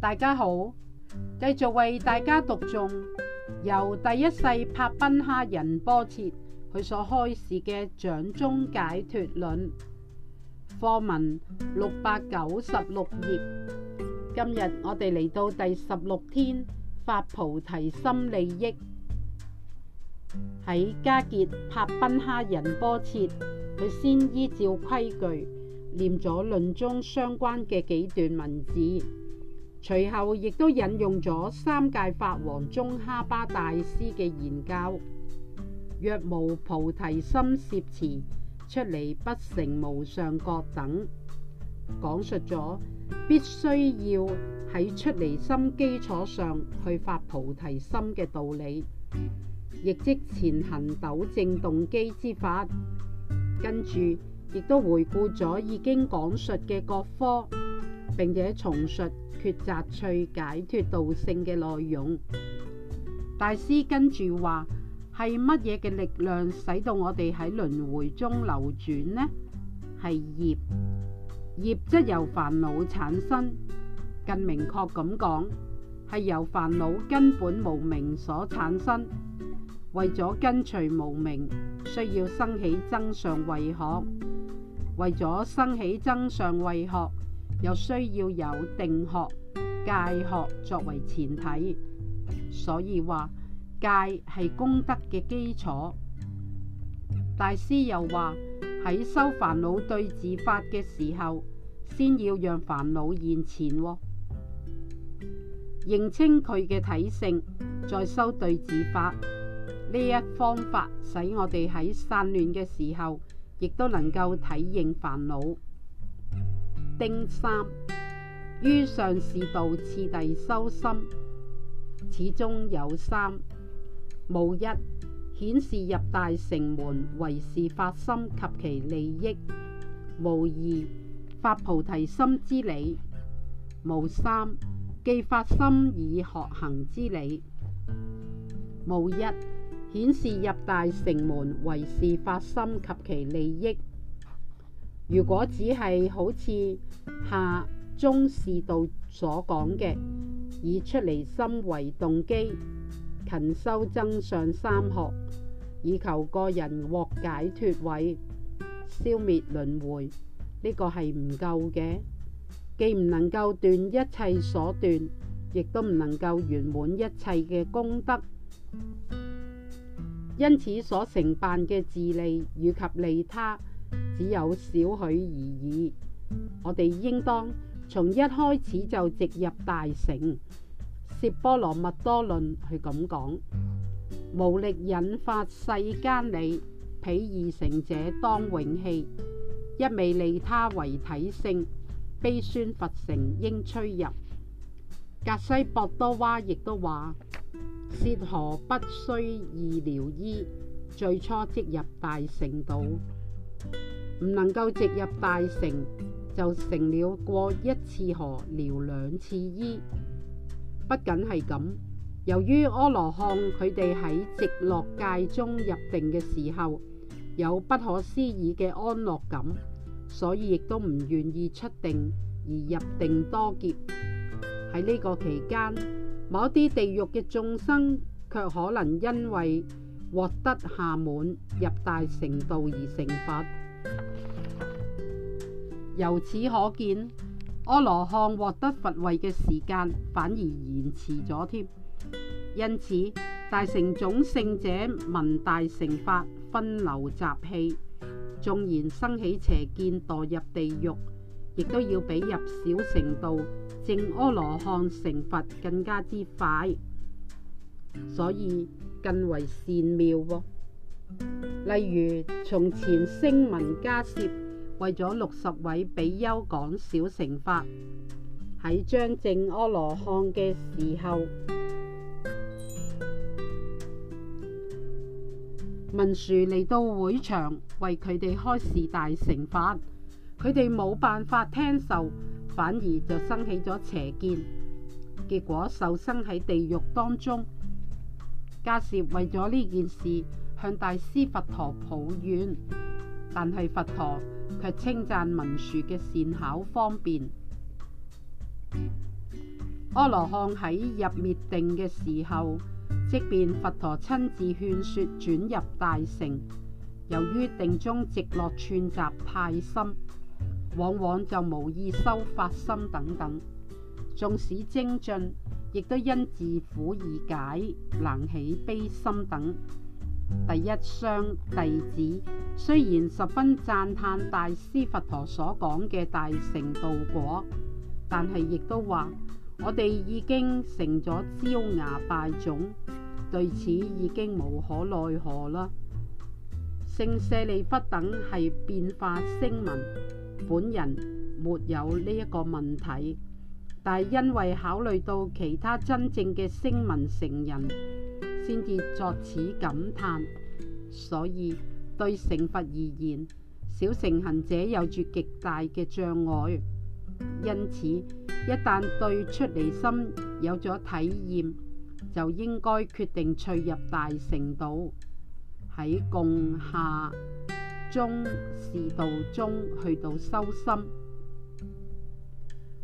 大家好，繼續為大家讀誦由第一世帕賓哈仁波切佢所開示嘅《掌中解脱論》課文六百九十六頁。今日我哋嚟到第十六天發菩提心利益，喺加傑帕賓哈仁波切佢先依照規矩念咗論中相關嘅幾段文字。隨後亦都引用咗三界法王中哈巴大師嘅研究，「若無菩提心攝持，出離不成無上覺」等，講述咗必須要喺出離心基礎上去發菩提心嘅道理，亦即前行糾正動機之法。跟住亦都回顧咗已經講述嘅各科。並且重述抉擇趣解脫道性嘅內容。大師跟住話：係乜嘢嘅力量使到我哋喺輪迴中流轉呢？係業，業則由煩惱產生。更明確咁講，係由煩惱根本無明所產生。為咗跟隨無明，需要生起增上慧學；為咗生起增上慧學，又需要有定學、戒學作為前提，所以話戒係功德嘅基礎。大師又話喺修煩惱對治法嘅時候，先要讓煩惱現前，哦，認清佢嘅體性，再修對治法。呢一方法使我哋喺散亂嘅時候，亦都能夠體認煩惱。丁三於上士道次第修心，始終有三：戊一顯示入大乘門唯是發心及其利益；戊二發菩提心之理；戊三既發心已學行之理。戊一顯示入大乘門唯是發心及其利益。如果只係好似下中士道所講嘅，以出離心為動機，勤修增上三學，以求個人獲解脫位、消滅輪迴，呢、這個係唔夠嘅，既唔能夠斷一切所斷，亦都唔能夠圓滿一切嘅功德，因此所承辦嘅自利以及利他，只有少許而已。我哋應當從一開始就直入大乘。《攝波羅蜜多論》係咁講，無力引發世間利，彼二乘者當永棄。一味利他為體性，悲酸佛乘應趣入。格西博朵瓦亦都話：涉河不需二撩衣，最初即入大乘道。唔能夠直入大城，就成了過一次河，撩兩次衣。不僅係咁，由於阿羅漢佢哋喺直落界中入定嘅時候，有不可思議嘅安樂感，所以亦都唔願意出定而入定多劫。喺呢個期間，某啲地獄嘅眾生卻可能因為獲得暇滿入大乘道而成佛，由此可見，阿羅漢獲得佛位嘅時間反而延遲咗添。因此，大乘種聖者聞大乘法分流習氣，縱然生起邪見墮入地獄，亦都要比入小乘道證阿羅漢成佛更加之快。所以，更為善妙喎、哦。例如，從前聲聞迦葉為咗六十位比丘講小乘法，喺將證阿羅漢嘅時候，文殊嚟到會場為佢哋開示大乘法，佢哋冇辦法聽受，反而就生起咗邪見，結果受生喺地獄當中。迦葉為咗呢件事向大師佛陀抱怨，但係佛陀卻稱讚文殊嘅善巧方便。阿羅漢喺入滅定嘅時候，即便佛陀親自勸說轉入大乘，由於定中直落串習太深，往往就無意修法心等等，縱使精進。亦都因自苦而解，能起悲心等。第一雙弟子雖然十分讚嘆大師佛陀所講嘅大乘道果，但係亦都話，我哋已經成咗焦牙敗種，對此已經無可奈何啦。聖舍利弗等係變化聲聞，本人沒有呢一個問題。但係因為考慮到其他真正嘅聲聞乘人先至作此感嘆，所以對成佛而言，小乘行者有住極大嘅障礙。因此，一旦對出離心有咗體驗，就應該決定趣入大乘道，喺共下中士道中去到修心。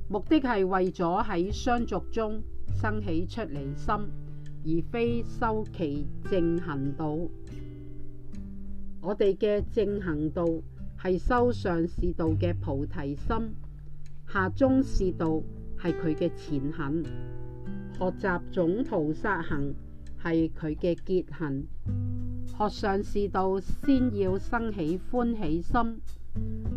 目的係為咗喺相續中生起出離心，而非修其正行道。我哋嘅正行道係修上士道嘅菩提心，下中士道係佢嘅前行，學習總菩薩行係佢嘅結行。學上士道先要生起歡喜心，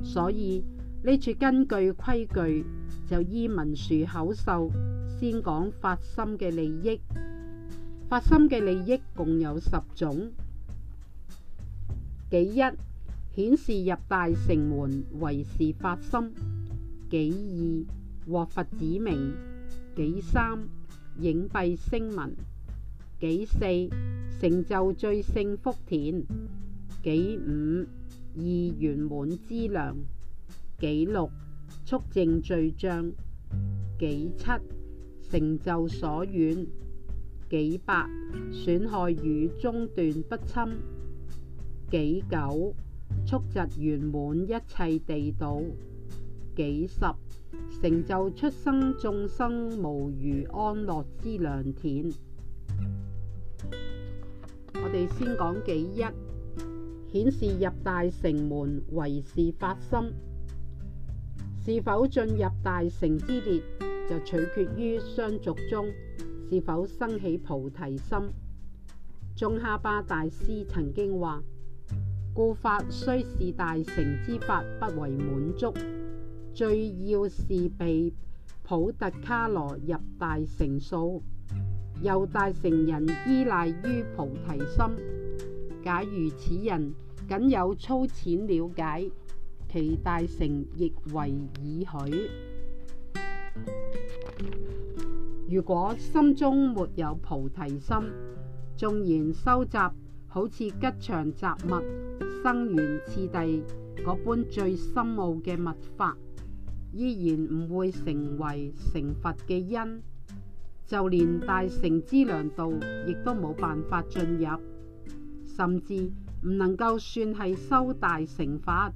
所以。呢處根據規矩，就依文殊口授，先講發心嘅利益。發心嘅利益共有十種：幾一顯示入大乘門唯是發心；幾二獲佛子名；幾三影蔽聲聞；幾四成就最勝福田；幾五意圓滿之量。幾六，速淨罪障；幾七，成就所願；幾八，損害與中斷不侵；幾九，速疾圓滿一切地道；幾十，成就出生眾生無餘安樂之良田。我哋先講幾一，顯示入大城門為事發心。是否進入大成之列，就取決於相族中是否生起菩提心。眾阿巴大師曾經話：故法雖是大成之法，不為滿足；最要是被普特卡羅入大成數，由大成人依賴於菩提心。假如此人僅有粗淺了解。其大乘亦為已許。如果心中沒有菩提心，縱然收集好似吉祥雜物生源次第嗰般最深奧嘅密法，依然唔會成為成佛嘅因，就連大乘之良道亦都冇辦法進入，甚至唔能夠算係修大乘法。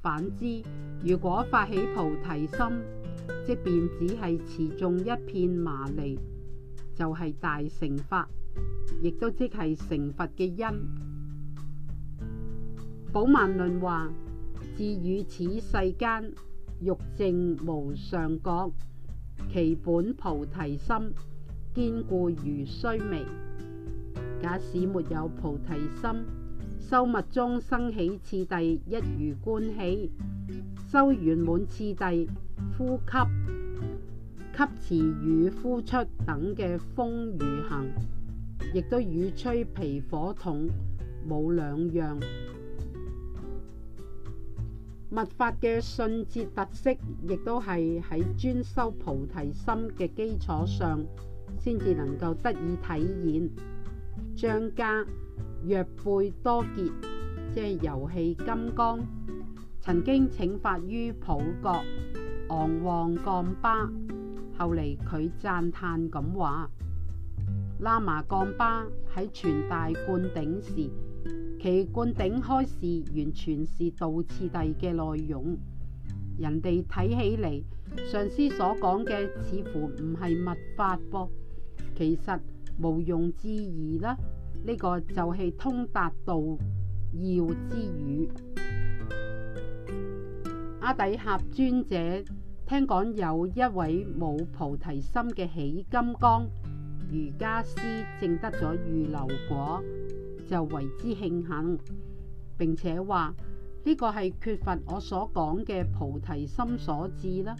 反之，如果發起菩提心，即便只係持中一片麻利，就係、是、大乘法，亦都即係成佛嘅因。寶曼論話：自與此世間欲證無上覺，其本菩提心堅固如須彌。假使沒有菩提心。修密宗生起次第，一如觀氣；修圓滿次第，呼吸、吸持與呼出等嘅風與行，亦都與吹皮火筒冇兩樣。密法嘅信節特色，亦都係喺專修菩提心嘅基礎上，先至能夠得以體現。張家。若貝多傑即係遊戲金剛，曾經請法於普覺昂旺降巴，後嚟佢讚嘆咁話：喇嘛降巴喺傳大灌頂時，其灌頂開示完全是道次第嘅內容。人哋睇起嚟，上師所講嘅似乎唔係密法噃，其實毋庸置疑啦。呢個就係通達道要之語。阿底峽尊者聽講有一位冇菩提心嘅起金剛瑜伽師證得咗預留果，就為之慶幸。並且話呢個係缺乏我所講嘅菩提心所致啦。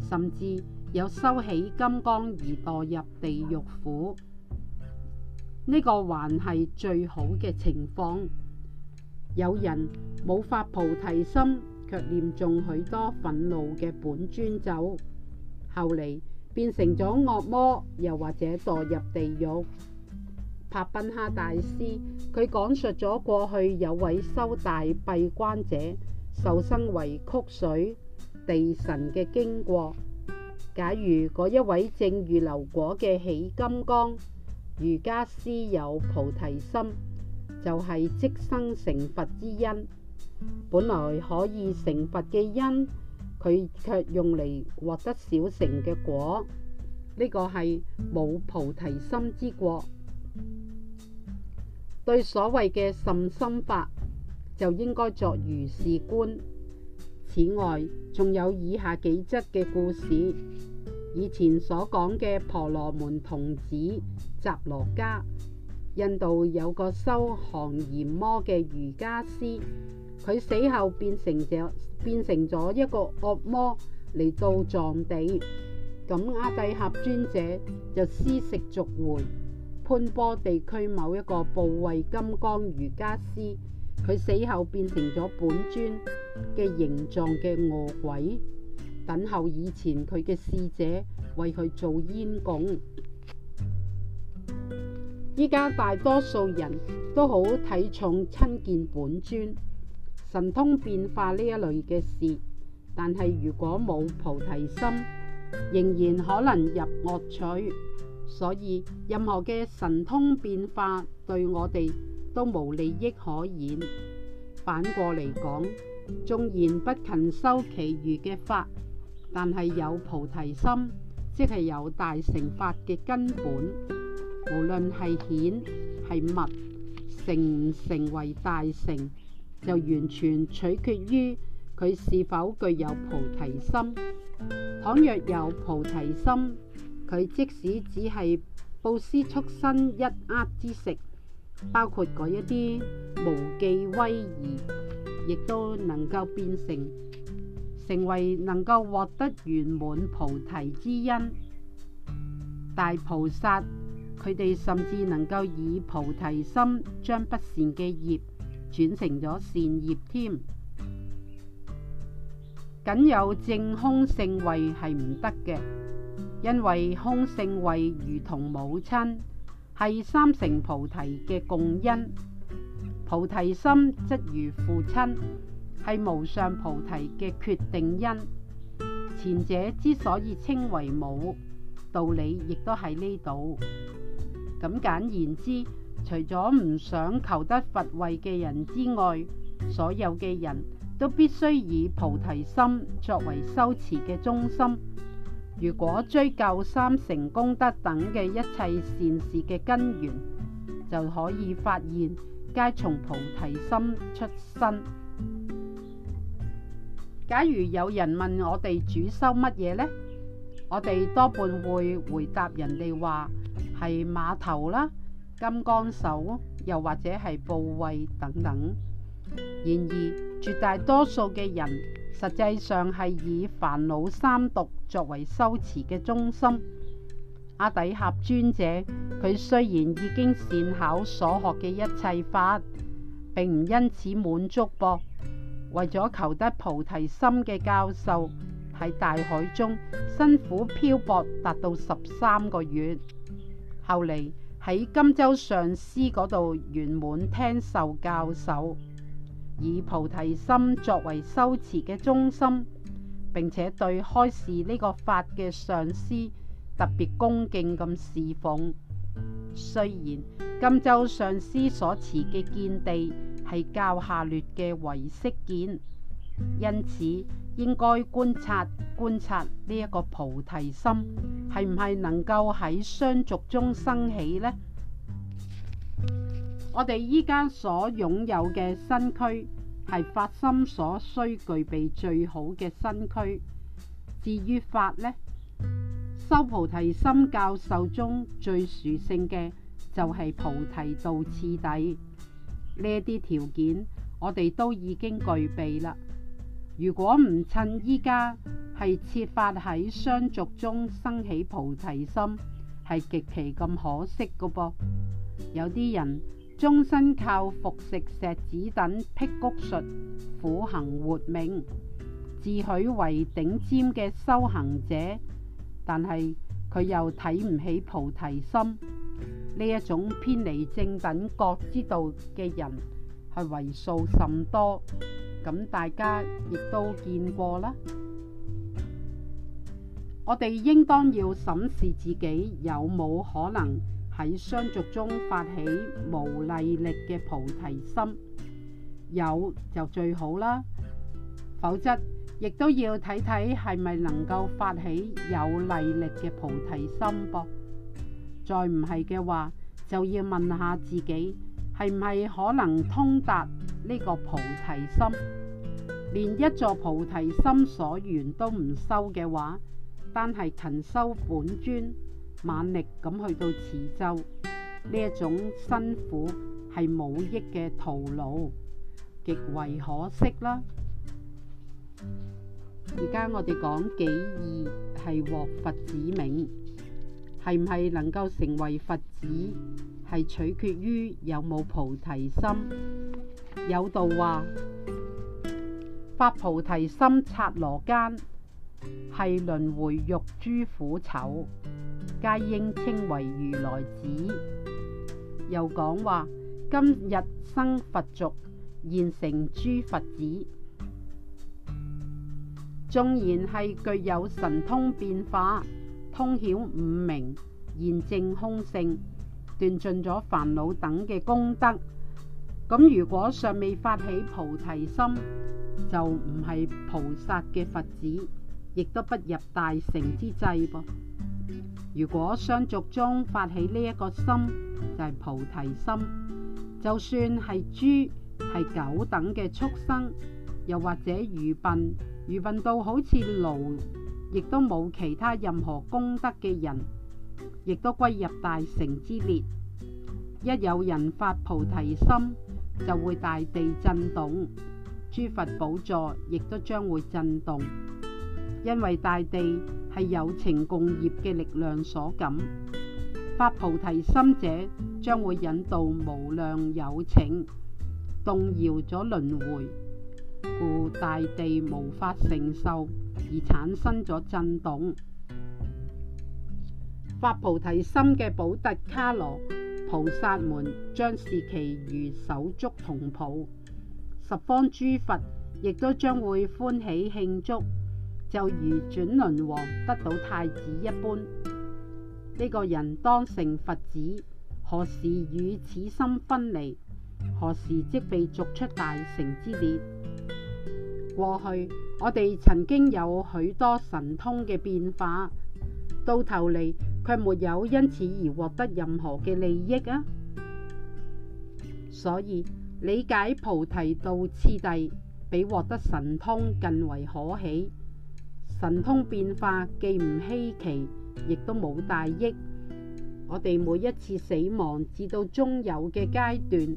甚至有收起金剛而墮入地獄府。呢個還係最好嘅情況。有人冇發菩提心，卻念中許多憤怒嘅本尊咒，後嚟變成咗惡魔，又或者墮入地獄。帕賓哈大師佢講述咗過去有位修大閉關者受生為曲水地神嘅經過。假如嗰一位正預流果嘅起金剛瑜伽師有菩提心，就係即生成佛之因。本來可以成佛嘅因，佢卻用嚟獲得小成嘅果，呢個係冇菩提心之過。對所謂嘅甚心法，就應該作如是觀。此外，仲有以下幾則嘅故事。以前所講嘅婆羅門童子集樂家，印度有個修行閻魔嘅瑜伽師，佢死後變成隻變成咗一個惡魔嚟到藏地，咁阿底峽尊者就施食續回潘波地區某一個部位金剛瑜伽師，佢死後變成咗本尊嘅形狀嘅餓鬼。等候以前佢嘅侍者為佢做煙供。依家大多數人都好睇重親見本尊、神通變化呢一類嘅事，但係如果冇菩提心，仍然可能入惡趣。所以任何嘅神通變化對我哋都冇利益可言。反過嚟講，縱然不勤修其餘嘅法。但係有菩提心，即係有大乘法嘅根本。無論係顯係密，成唔成為大乘，就完全取決於佢是否具有菩提心。倘若有菩提心，佢即使只係布施畜生一厄之食，包括嗰一啲無記威儀，亦都能夠變成。成為能夠獲得圓滿菩提之因。大菩薩佢哋甚至能夠以菩提心將不善嘅業轉成咗善業添。僅有正空性慧係唔得嘅，因為空性慧如同母親，係三乘菩提嘅共因。菩提心則如父親。係無上菩提嘅決定因，前者之所以稱為母，道理亦都喺呢度。咁簡言之，除咗唔想求得佛位嘅人之外，所有嘅人都必須以菩提心作為修持嘅中心。如果追究三成功德等嘅一切善事嘅根源，就可以發現，皆從菩提心出身。假如有人問我哋主修乜嘢呢？我哋多半會回答人哋話係馬頭啦、金剛手，又或者係部位等等。然而，絕大多數嘅人實際上係以煩惱三毒作為修持嘅中心。阿底峽尊者佢雖然已經善巧所學嘅一切法，並唔因此滿足噃。為咗求得菩提心嘅教授，喺大海中辛苦漂泊達到十三個月，後嚟喺金洲上師嗰度圓滿聽受教授，以菩提心作為修持嘅中心，並且對開示呢個法嘅上師特別恭敬咁侍奉。雖然金洲上師所持嘅見地，係教下劣嘅唯識見，因此應該觀察觀察呢一個菩提心係唔係能夠喺相續中生起呢？我哋依家所擁有嘅身軀係發心所需具備最好嘅身軀。至於法呢？修菩提心教授中最殊勝嘅就係菩提道次第。呢啲條件，我哋都已經具備啦。如果唔趁依家係設法喺相續中生起菩提心，係極其咁可惜㗎噃。有啲人終身靠服食石子等辟谷術苦行活命，自詡為頂尖嘅修行者，但係佢又睇唔起菩提心。呢一種偏離正等覺之道嘅人，係為數甚多，咁大家亦都見過啦。我哋應當要審視自己有冇可能喺相續中發起無勵力嘅菩提心，有就最好啦，否則亦都要睇睇係咪能夠發起有勵力嘅菩提心噃。再唔係嘅話，就要問下自己，係唔係可能通達呢個菩提心？連一座菩提心所緣都唔修嘅話，單係勤修本尊，猛力咁去到持咒，呢一種辛苦係冇益嘅徒勞，極為可惜啦。而家我哋講幾義係獲佛子名。係唔係能夠成為佛子，係取決於有冇菩提心。有道話：發菩提心羅間，擦羅間，係輪回肉豬苦丑，皆應稱為如來子。又講話：今日生佛族，現成諸佛子，縱然係具有神通變化。通曉五明現證、空性，斷盡咗煩惱等嘅功德。咁如果尚未發起菩提心，就唔係菩薩嘅佛子，亦都不入大乘之際噃。如果相續中發起呢一個心，就係、是、菩提心，就算係豬係狗等嘅畜生，又或者愚笨，愚笨到好似驢。亦都冇其他任何功德嘅人，亦都歸入大成之列。一有人發菩提心，就會大地震動，諸佛寶座亦都將會震動，因為大地係有情共業嘅力量所感。發菩提心者，將會引導無量有情動搖咗輪回，故大地無法承受。而產生咗震動，發菩提心嘅補特伽羅菩薩們將是其餘手足同袍十方諸佛，亦都將會歡喜慶祝，就如轉輪王得到太子一般。呢、這個人當成佛子，何時與此心分離？何時即被逐出大成之列？過去。我哋曾經有許多神通嘅變化，到頭嚟卻沒有因此而獲得任何嘅利益啊！所以理解菩提道次第，比獲得神通更為可喜。神通變化既唔稀奇，亦都冇大益。我哋每一次死亡至到中有嘅階段，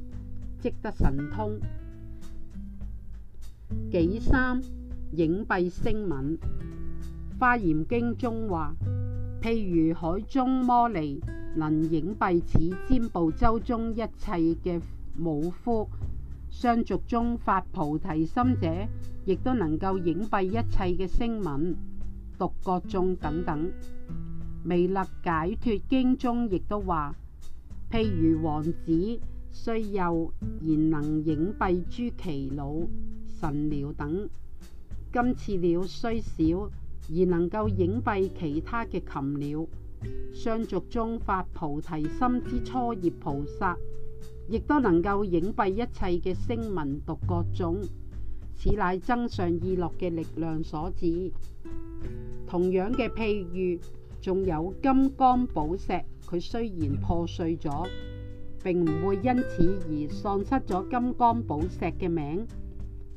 即得神通幾三。映蔽聲聞，《華嚴經》中話，譬如海中摩尼能映蔽此贍部洲中一切嘅母夫，相續中發菩提心者，亦都能夠映蔽一切嘅聲聞、獨覺眾等等，《彌勒解脫經》中亦都話，譬如王子雖幼，然能映蔽諸耆老、神鳥等。今次鳥雖小，而能夠影蔽其他嘅禽鳥，相續中發菩提心之初業菩薩，亦都能夠影蔽一切嘅聲聞、獨覺種，此乃增上意樂嘅力量所致。同樣嘅譬喻，仲有金剛寶石，佢雖然破碎咗，並唔會因此而喪失咗金剛寶石嘅名。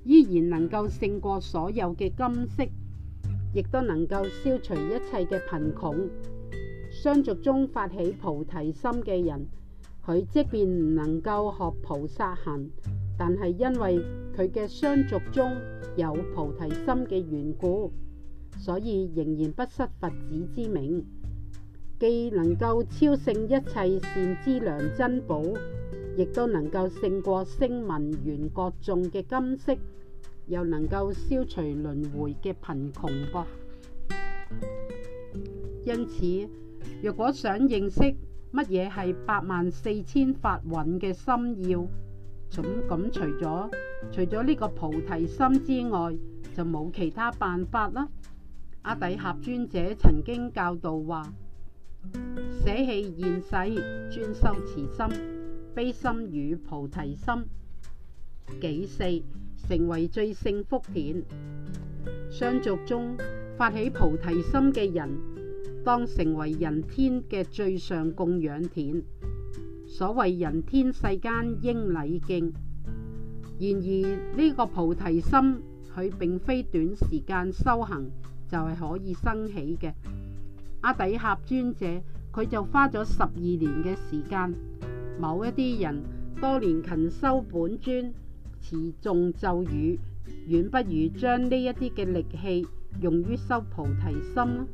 依然能夠勝過所有嘅金色，亦都能夠消除一切嘅貧窮。相續中發起菩提心嘅人，佢即便唔能夠學菩薩行，但係因為佢嘅相續中有菩提心嘅緣故，所以仍然不失佛子之名。既能夠超勝一切善之良珍寶。亦都能夠勝過聲聞緣覺眾嘅金色，又能夠消除輪迴嘅貧窮噃。因此，若果想認識乜嘢係八萬四千法蘊嘅心要，咁咁除咗除咗呢個菩提心之外，就冇其他辦法啦。阿底峽尊者曾經教導話，捨棄現世，專修慈心。悲心與菩提心，己四成為最勝福田。相續中發起菩提心嘅人，當成為人天嘅最上供養田。所謂人天世間應禮敬。然而呢個菩提心，佢並非短時間修行就係、是、可以生起嘅。阿底峽尊者佢就花咗十二年嘅時間。某一啲人多年勤修本尊持誦咒語，遠不如將呢一啲嘅力氣用於修菩提心啦。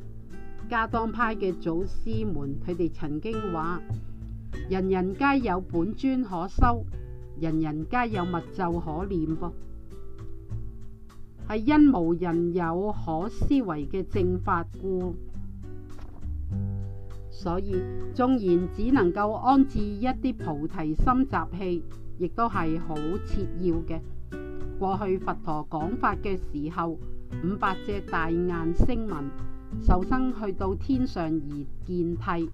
噶當派嘅祖師們佢哋曾經話：人人皆有本尊可修，人人皆有密咒可念噃，係因無人有可思維嘅正法故。所以，縱然只能夠安置一啲菩提心習氣，亦都係好切要嘅。過去佛陀講法嘅時候，五百隻大雁聲聞受生去到天上而見諦，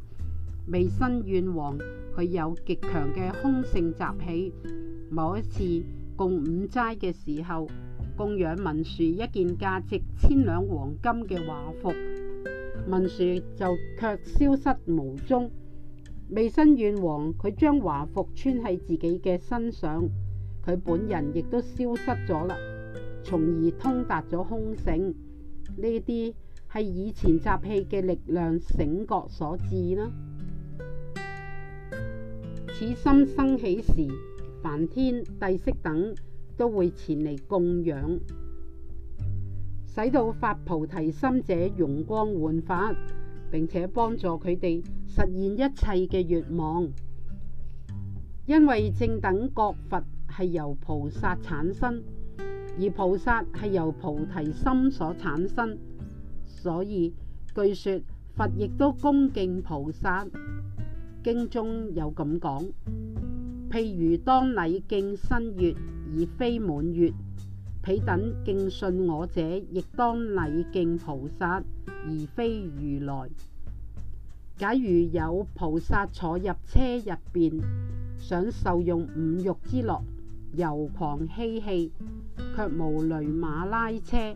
未生怨王佢有極強嘅空性習氣。某一次共五齋嘅時候，供養文殊一件價值千兩黃金嘅華服。文殊就卻消失無蹤，未生怨王，佢將華服穿喺自己嘅身上，佢本人亦都消失咗啦，從而通達咗空性。呢啲係以前集氣嘅力量醒覺所致啦。此心生起時，梵天、帝釋等都會前嚟供養。使到發菩提心者容光煥發，並且幫助佢哋實現一切嘅願望。因為正等覺佛係由菩薩產生，而菩薩係由菩提心所產生，所以據說佛亦都恭敬菩薩，經中有咁講，譬如當禮敬新月，而非滿月。豈等敬信我者，亦當禮敬菩薩，而非如來。假如有菩薩坐入車入邊，想受用五欲之樂，遊狂嬉戲，戲，卻無雷馬拉車，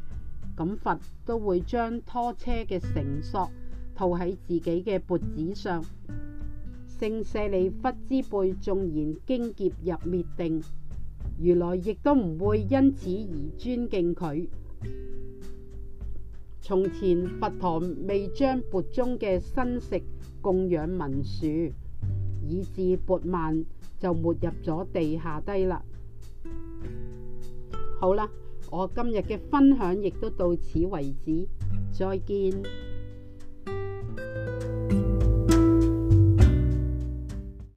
咁佛都會將拖車嘅繩索套喺自己嘅脖子上，聖舍利弗之輩，縱然經劫入滅定。如來亦都唔會因此而尊敬佢。從前佛堂未將撥中嘅新食供養文殊，以至撥慢就沒入咗地下底啦。好啦，我今日嘅分享亦都到此為止，再見。